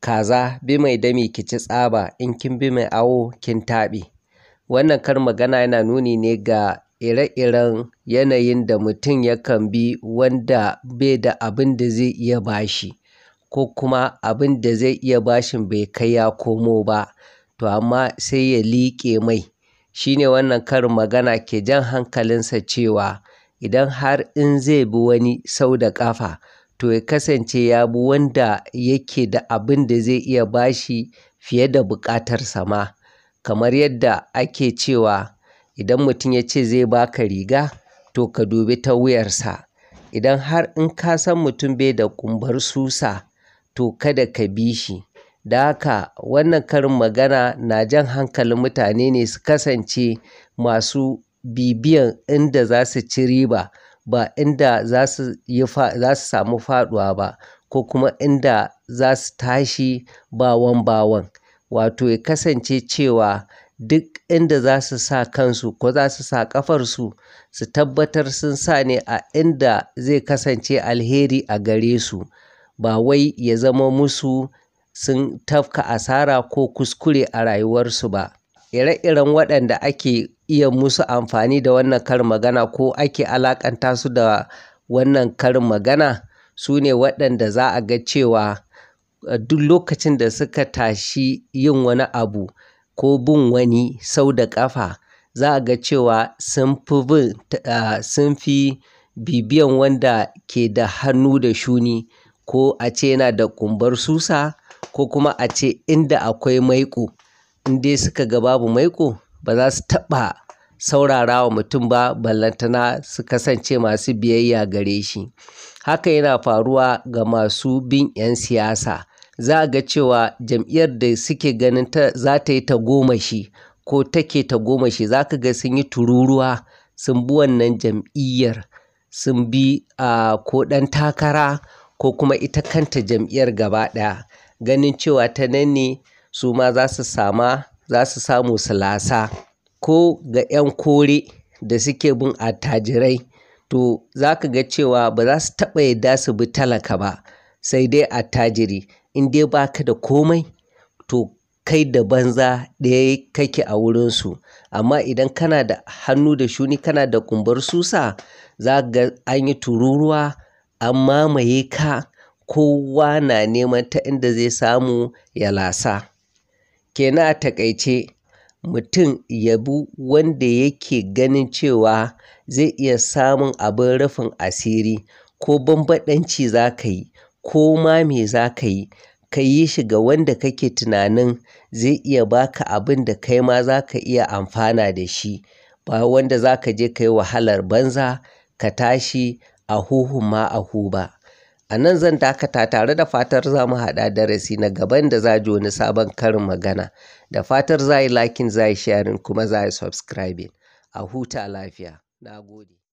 kaza bi mai dami ki ci tsaba in kin bi mai awo kin taɓe wannan kar magana yana nuni ne ga ire-iren yanayin da mutum yakan bi wanda bai da abin da zai iya bashi ko kuma abin da zai iya bashin bai kai ya komo ba to amma sai ya liƙe mai shi ne wannan karin magana ke jan hankalinsa cewa idan har in zai bi wani sau da ƙafa to ya kasance ya bi wanda yake da abin da zai iya bashi fiye da buƙatar sama kamar yadda ake cewa idan mutum ya ce zai baka riga to ka dubi ta wuyarsa idan har in ka san mutum bai da ƙumbar susa to kada ka bi shi da haka wannan karin magana na jan hankalin mutane ne su kasance masu bibiyan inda za su ci riba ba inda za su samu faɗuwa ba ko kuma inda za su tashi bawan bawan wato ya kasance cewa duk inda za su sa kansu ko za su sa ƙafarsu su tabbatar sun sa ne a inda zai kasance alheri a gare su ba wai ya zama musu sun tafka asara ko kuskure a rayuwarsu ba. ire-iren waɗanda ake iya musu amfani da wannan karin magana ko ake alakanta su da wannan karin magana su ne waɗanda za a ga cewa eh, duk lokacin da suka tashi yin wani abu ko bin wani sau da ƙafa za a ga cewa eh, sun fi bibiyan wanda ke da hannu da shuni ko a ce yana da ƙumbar susa ko kuma a ce inda akwai maiƙo. in dai suka ga babu maiko, ba za su taɓa saurara wa mutum ba ballantana su kasance masu biyayya gare shi haka yana faruwa ga masu bin 'yan siyasa za a ga cewa jam'iyyar da suke ganin za ta yi tagomashi ko take tagomashi za ka ga sun yi tururuwa sun bi wannan jam'iyyar sun bi a ko ɗan takara ko kuma ita kanta jam'iyyar gaba ɗaya ganin cewa ta nan ne su ma za su sama za su samu su ko ga 'yan kore da suke bin attajirai to za ka ga cewa ba za su taɓa yadda su bi talaka ba sai dai attajiri in dai ba ka da komai to kai da banza ɗaya kake a wurinsu amma idan kana da hannu da shuni kana da kumbar susa za ga an yi tururuwa an mamaye ka kowa na neman ta inda zai samu ya lasa Kenan a taƙaice mutum ya bi wanda yake ganin cewa zai iya samun abin rufin asiri ko banbaɗanci za ka yi ko ma me za ka yi, ka yi shi ga wanda kake tunanin zai iya baka abin da kai ma za ka iya amfana da shi. Ba wanda za ka je ka yi wahalar banza ka tashi a huhun ma ahu ba. A nan zan dakata tare da fatar za mu haɗa darasi na gaban da za ji wani sabon karin magana. Da fatar za yi liking, za yi sharing kuma za yi subscribing. A huta lafiya. Na gode.